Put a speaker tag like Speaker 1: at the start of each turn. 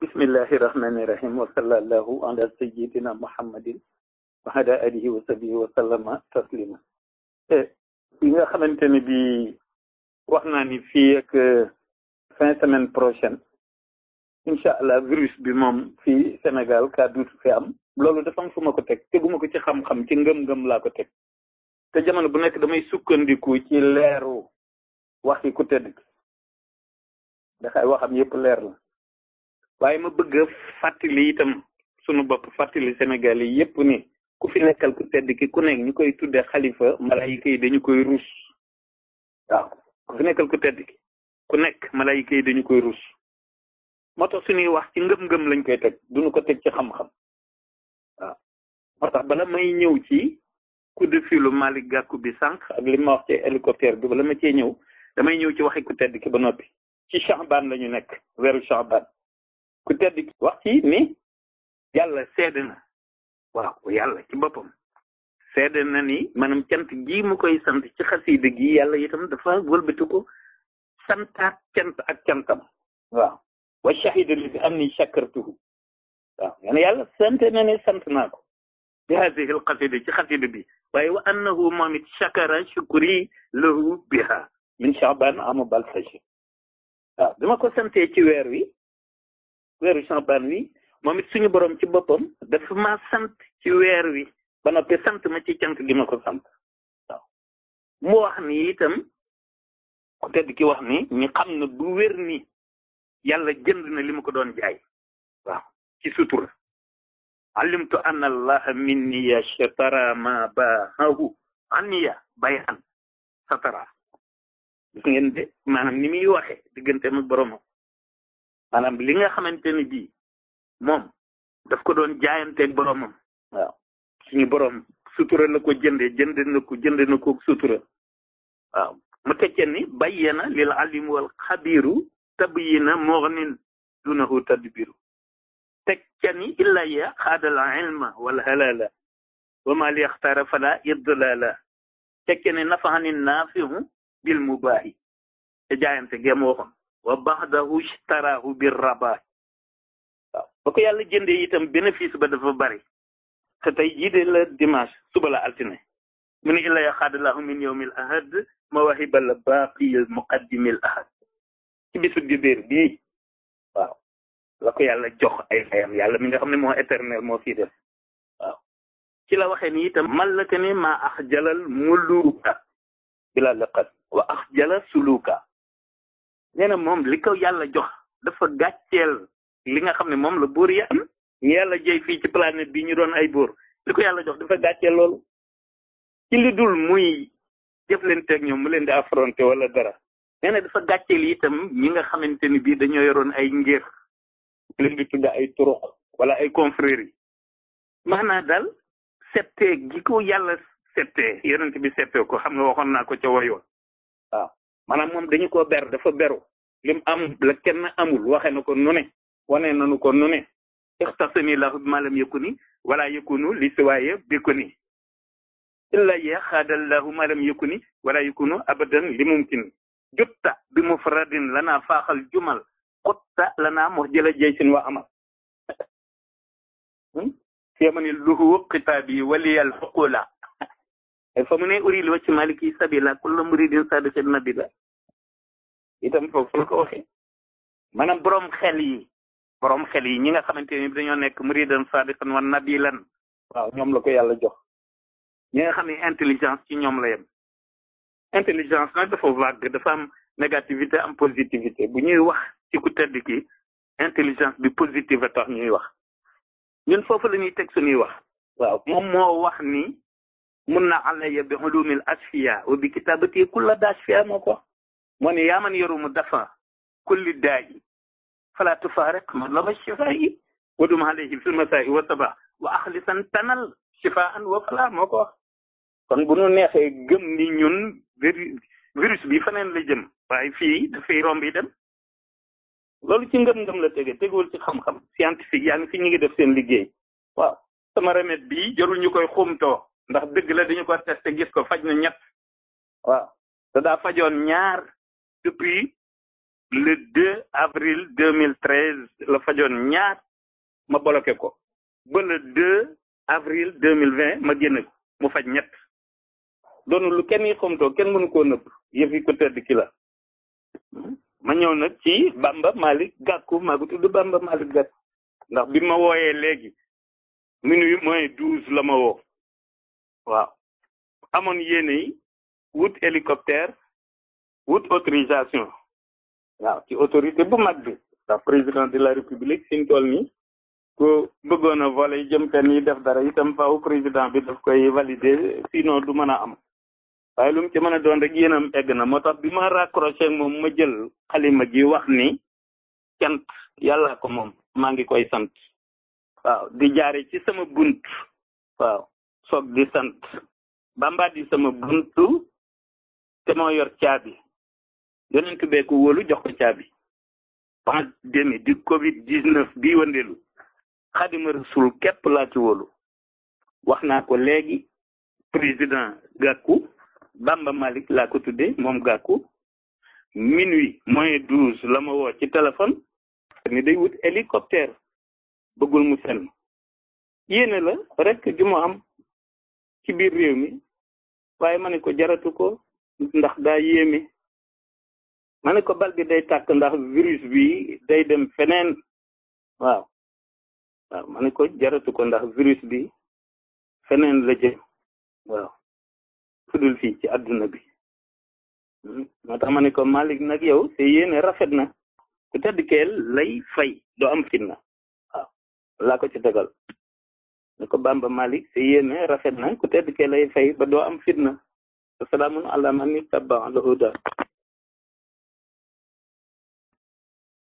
Speaker 1: bismillahi rahmani rahim wa sallallahu ala sayyidina muhammadin wa ala alihi wa sahbihi wa sallama e, bi nga xamante ne bi wax naa ni fii ak e, fin semaine prochaine incha allah virus bi moom fii Sénégal kaa duutu fi am loolu dafa am ko teg teguma ko ci xam-xam ci ngëm-ngëm laa ko teg te jamono bu nekk damay sukkandiku ci leeru waxi ku tedd ki ndax waxam yépp leer la waaye ma bëgg a fàttali itam sunu bopp fàttali Sénégal yi yépp ni ku fi nekkal ku tedd ki ku nekk ñu koy tudde xalifa malayika yi dañu koy ruus waaw ku fi nekkal ku tedd ki ku nekk malayika yi dañu koy ruus moo tax suñuy wax ci ngëm-ngëm lañ koy teg duñu ko teg ci xam-xam waaw moo tax bala may ñëw ci coup de filu Malick Gakou bi sànq ak li ma wax ci hélicoptère bi bala ma cee ñëw damay ñëw ci waxi ku tedd ki ba noppi ci Chaban la ñu nekk weeru Chaban ku tedd wax ci ni yàlla seede na waaw yàlla ci boppam seede na ni maanaam cant gi mu koy sant ci xasida gi yàlla itam dafa wëlbati ko santaat cant ak cantam waaw wa shahida li bi am ni shakartuhu waaw yàlla sant na ne sant naa ko bi hadihi al qasida ci xasida bi waaye wa annahu moom it shakara shukuri lahu biha min chaban ama balfaji waaw bi ko santee ci weer wi weeru champagne wi moom it suñu borom ci boppam dafa ma sant ci weer wi ba noppi sant ma ci cant gi ma ko sant waaw mu wax ni itam ku tedd ki wax ni ñu xam ne bu wér ni yàlla jënd na li ma ko doon jaay waaw ci sutura alimtu anna minniya shatara ma baahu anniya bayan satara ngeen de maanaam ni muy waxe diggante ma boromam maanaam li nga xamante ni bii moom daf ko doon jaayanteeg boromam waaw suñu borom sutura la ko jënde jënde na ko jënde na ko sutura waaw mu tekkee ni bayyana lil wal xabiru tabyina mughnin dunahu tadbiru tekkee ni illaya xaadal ilma wal halala wa li yaxtaara fala idlala tekkee ni naafihu bil mubaahi te jaayante ngeen waxoon wa baxdahu ishtarahu bir rabaat waaw ba ko yàlla jëndee itam bénéfice ba dafa bari te tey jii de la dimanche suba la altine mu ne illa yaxaadallahu min yawmil ahad mawahiba la baqiyil muqaddimil ahad ci bisu dibéer bii waaw la ko yàlla jox ay fayam yàlla mi nga xam ne moo éternel moo fii def waaw ci la waxee ni itam mallaka ni ma axjalal muluka bila laqat wa axjala suluka nee moom li ko yàlla jox dafa gàcceel li nga xam ne moom la buur yi am ñu yàlla jëy fii ci planète bi ñu doon ay buur li ko yàlla jox dafa gàcceel loolu ci lu dul muy jëflanteeg ñoom mu leen di affronté wala dara nee na dafa gàcceel itam ñi nga xamante ni bii dañoo yoroon ay ngéer leen di tudda ay turuq wala ay confréries yi maanaa daal settee gi ko yàlla settee yonent bi settee ko xam nga waxoon naa ko ca wayoon waaw maanaam mom dañu ko ber dafa beru lim am la kenn amul waxe nako ko woné nanu ko nu ne ixtasani lahu malam yakuni wala yakunu li siwaye bikuni illa yaxaada lahu malam yakuni wala yakunu abadan li mumkin jutta bi mufradin lana faaxal jumal qutta lana muhjala jaysin wa amal في من اللهو قتابي ولي الحقولا E fa mu ne uri li wacc maliki sabila kulla muridin sadu seen nabila itam foofu la ko waxee maanaam borom xel yi boroom xel yi ñi nga xamante ni dañoo nekk muridan sadiqan wa nabilan waaw ñoom la ko yàlla jox ñi nga xam ne intelligence ci ñoom la yem intelligence nag dafa vague dafa am négativité am positivité bu ñuy wax ci ku tedd ki intelligence bi positive a tax ñuy wax ñun foofu lañuy ñuy teg suñuy wax waaw moom moo wax ni mun na alayya bi hulumil asfiya wa bi kitabati kulla dasfiya moo ko moo ne yaa man yarumu dafa kulli daayi fala tufariq matlaba shifaa'i wadum alayhi fil masaa'i wa sabah wa axlisan tanal shifaan wa fala moo ko kon bu nu neexee gëm ni ñun virus bi faneen la jëm waaye fii dafay romb yi dem loolu ci ngëm-ngëm la tege tegewul ci xam-xam scientifique yaa ngi fi ñu ngi def seen liggéey waaw sama remède bi jarul ñu koy xumtoo ndax dëgg la dañu ko testé gis ko faj na ñett waaw te daa fajoon ñaar depuis le 2 avril 2013 la fajoon ñaar ma boloké ko ba le 2 avril 2020 ma génn ko mu faj ñett doonu lu kenn yi xamtoo kenn mënu koo ko tëdd ki la ma ñëw nag ci Bamba Malick Gakou maa ngi tudd Bamba Malick Gakou ndax bi ma wooyee léegi minuit moins douze la ma woo waaw amoon yéene yi wut hélicoptère wut autorisation waaw ci autorité bu mag bi ndax président de la république fi mu toll nii ku bëggoon a voler jëm fenn yi def dara itam faaw président bi daf koy valider sinon du mën a am waaye lu mu ci mën a doon rek yéenam egg na moo tax bi ma raccroché moom ma jël xalima gi wax ni kent yàlla ko moom maa ngi koy sant waaw di jaare ci sama bunt waaw foog di sant bamba di sama buntu te moo yor caabi yonent bee ko wóolu jox ko caabi demi di covid dix-neuf bi wëndeelu xadima rasul képp laa ci wóolu wax naa ko léegi président Gakou Bamba Malick laa ko tuddee moom Gakou minuit moins douze la ma woo ci téléphone ni day wut hélicoptère bëggul mu senn yéene la rek ju am ci biir réew mi waaye ma ne ko jaratu ko ndax daa yéeme ma ne ko bal bi day takk ndax virus bi day dem feneen waaw waaw ma ne ko jaratu ko ndax virus bi feneen la jëm waaw fudul fii ci àdduna bi hmm? moo tax ma ne ko Malick nag yow te yéene rafet na ku tedd keel lay fay doo am fitna waaw laa ko ci tegal ni ko Bamba Malick sa yéene rafet na ku tedd ke lay fay ba doo am fitna wa salaamun ala man ittaba a huda